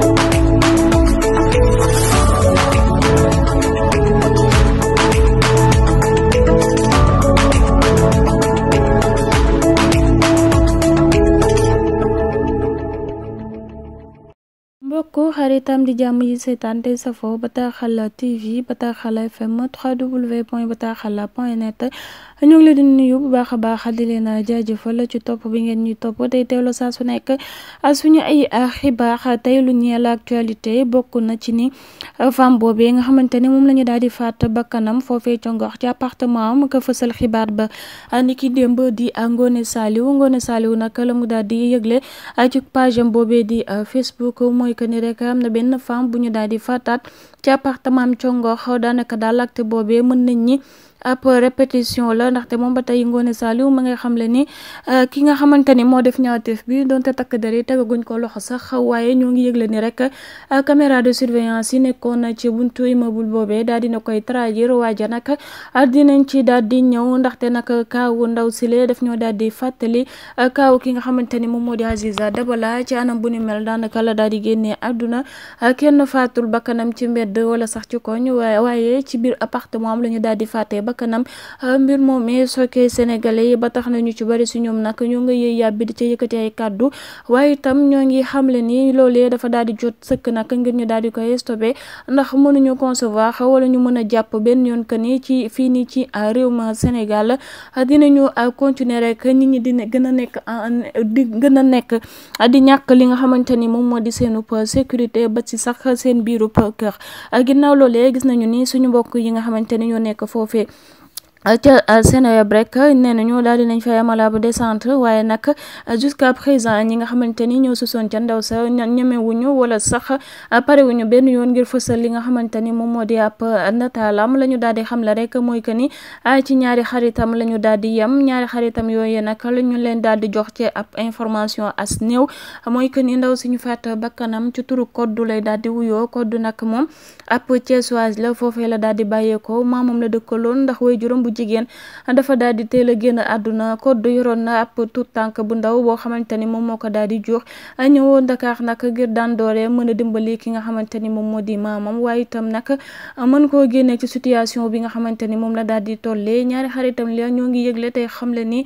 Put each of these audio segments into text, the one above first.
Thank you ko xaritam di jàmm yi seetaan tey safoo bataaxal tv bataaxal fm www point bataaxal point net ñu ngi di nuyu bu baax a baax di leen jaajëfal ci topp bi ngeen ñuy topp tey teewlu saa su nekk suñu ay xibaar tey lu ñeel actualité bokk na ci ni femme boobee nga xamante ne moom la ñu daal di faat bakkanam foofee ca Ngor ci appartement am ko fësal xibaar ba ni ki démb a Ngoone Saliou Ngoone Saliou nag la mu yëgle ci page am boobee di Facebook rek am na benn femme bu ñu daal di fataat ci appartement Congox daanaka daal acte boobee mën nañ ñi app répétition la ndaxte moom ba tey Ngoné Saliou ma ngay xamle ni euh, ki nga xamante ni moo def ñaawteef bi donte takk der yi tegaguñ ko loxo sax waaye ñoo ngi yëgle ni rek euh, caméra de surveillance yi nekkoon ci buntu immeuble boobee daal dina koy trahir waaja nag ah, dinañ ci daal di ñëw ndaxte nag kaawu ndaw sile def ñoo daal di fàttali euh, kaaw ki nga xamante ni moom moo di Aziza Dabala ci anam bu ni mel daanaka daal di génnee àdduna ci mbedd 2 wala sax ci koñ waaye ci biir appartement am la ñu daal di fàtte moom ah, mbir moomee sookee sénégalais yi ba tax nañu ci bari si ñoom nag ñoo nga yëy di ca yëkkati ay kàddu waaye itam ñoo ngi xamle ni loolee dafa daal di jot sëkk nag ngir ñu daal di koy stoppé ndax mënuñu concevoir wala ñu mën a jàpp benn yoon que ni ci fii nii ci ah, réew ma Sénégal ah, dinañu continuer rek nit ñi di gën a nekk di gën a nekk di ñàkk li nga xamante ni moom moo di seenub sécurité ba ci sax seen biiru kër ginnaaw loolee gis nañu ni suñu mbokk yi nga xamante ni ñoo nekk foofee Euh, ca euh, Seneweb rek nee nañu daal di nañ fa yamala bu descente waaye nag jusqu'à présent ñi nga xamante ni ñoo susoon ca ndaw sa ñemewuñu wala sax parewuñu benn yoon ngir fësal li nga xamante ni moom moo di ab nataalam la ñu daal di xam la rek mooy que ni ci ñaari xaritam lañu ñu daal yem ñaari xaritam yooyu nag la ñu leen daal di jox ci ab information as néew mooy que ni ndaw suñu faat bakkanam ci turu koddu lay daal di wuyoo koddu moom ab Thiessoise la foofee di bàyyeekoo maamam la dëkkaloon ndax way juróom jigéen dafa daal di teel a génn àdduna Codou yoroon na ab tout tànk bu ndaw boo xamante ni moom moo ko daal di jur ñëwoon Dakar nag ngir daan doole mën a dimbali ki nga xamante ni moom moo di maamam waaye itam nag mën koo génnee ci situation bi nga xamante ni moom la daal di tollee ñaari xaritam la ñoo ngi yëgle tey xam le ni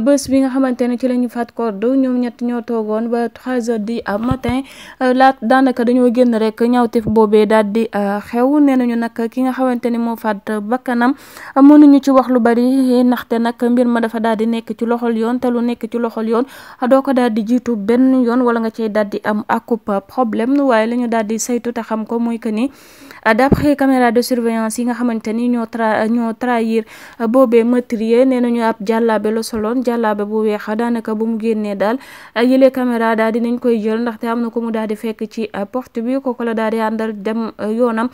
bés bi nga xamante ni ci la ñu faat Codou ñoom ñett ñoo toogoon ba trois heures du matin laat daanaka dañoo génn rek ñaawteef boobee daal di euh, xew nee nañu nag ki nga xamante ni moo faat bakkanam mënuñu ci wax lu bari ndaxte nag mbir ma dafa daal di nekk ci loxol yoon te lu nekk ci loxol yoon doo ko daal di jiitu benn yoon wala nga cee daal di am akup problème waaye la ñu daal di saytu te xam ko mooy que nii d'après caméra de surveillance yi nga xamante ni ñoo tra ñoo tra trahir euh, boobee meurtrier nee nañu ab jàllaabe la soloon jàllaabe bu weex a daanaka bu mu génnee daal euh, yële caméra daal dinañ koy jël ndaxte am na ko mu daal di fekk ci euh, porte bi kooku la daal di àndal dem yoonam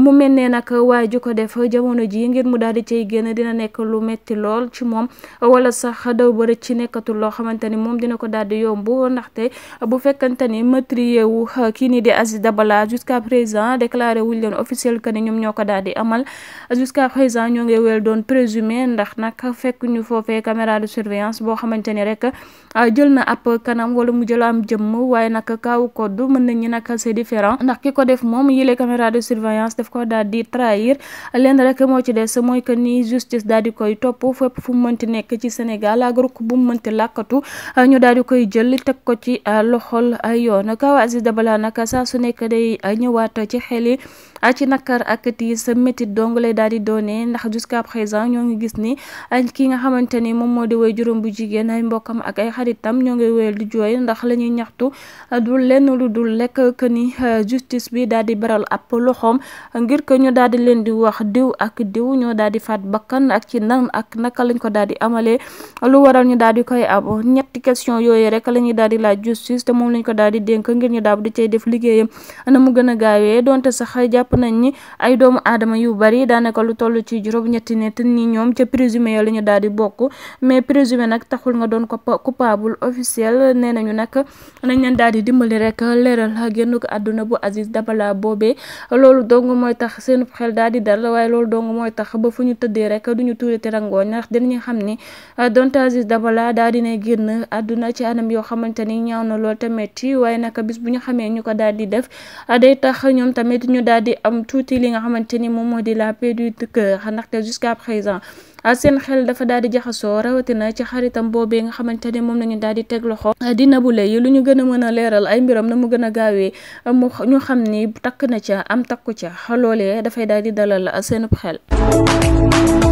mu mel ne nag waaye ju ko def jamono ji ngir mu daal di cay génn dina nekk lu metti lool ci moom wala sax daw bërë ci nekkatul loo xamante ni moom dina ko daal di yomb ndaxte bu fekkante ni meurtrier wu kii nii di Aziz Dabala jusqu'à présent déclaré wuñ leen ne officiel que ne ñoom ñoo ko daal di amal jusqu'à présent ñoo ngi wel doon présumé ndax nag fekk ñu foofee caméra de surveillance boo xamante ni rek jël na ab kanam wala mu jël am jëmm waaye nag kaawu kodd mën nañ ñi nag ndax ki ko def moom yile caméra de surveillance daf ko daal di trahir lenn rek moo ci des mooy que ni justice daal di koy topp fépp fu mu mënti nekk ci Sénégal ak rukk bu mu mënti làkkatu ñu daal koy jël teg ko ci loxol Ah, ci nakar ak tiis métit dong lay daal di doone ndax jusqu'à présent ñoo ngi gis ni ah, kii nga xamante ni moom moo di woy juróom bu jigéen ay mbokkam ak ay xaritam ñoo ngi wéyal di jooy ndax la ñuy ñaxtu ah, du lenn lu dul lekk que ni justice bi daal di baral ab loxoom ngir que ñu daal di leen di wax diw ak diw ñoo daal di faat bakkan ak ci nan ak naka lañ ko daal di amalee lu waral ñu daal di koy ab ñetti question yooyu rek la ñuy daal di laaj justice te moom lañ ko daal di dénk ngir ñu daal di cay def liggéeyam mu gën a gaawee jàpp nañ ni ay doomu aadama yu bari daanaka lu toll ci juróom ñetti nit ni ñoom ca présumé ya la ñu daal di bokk mais présumé nag taxul nga doon coupable officiel nee ñu nag nañ leen daal di dimbali rek leeral génn ko àdduna bu Aziz Dabala boobee loolu dong mooy tax seen xel daal di dal waaye loolu dong mooy tax ba fu ñu tëddee rek du ñu tuurati ndax dinañu xam ni donte Aziz Dabala daal di ne génn àdduna ci anam yoo xamante ni ñaaw na lool te metti waaye nag bis bu ñu xamee ñu ko daal di def day tax ñoom tamit ñu daal am tuuti li nga xamante ni moom moo di la paix du cœur ndaxte jusqu'à présent ah, seen xel dafa daal di jaxasoo rawatina ci xaritam boobee nga xamante ne moom nañu daal di teg loxo ah, di Nabou Leye lu ñu gën a mën a leeral ay mbiram na mu gën a gaawee mu ñu xam ni takk na ca am takku ca loolee dafay daal di dalal ah, seen xel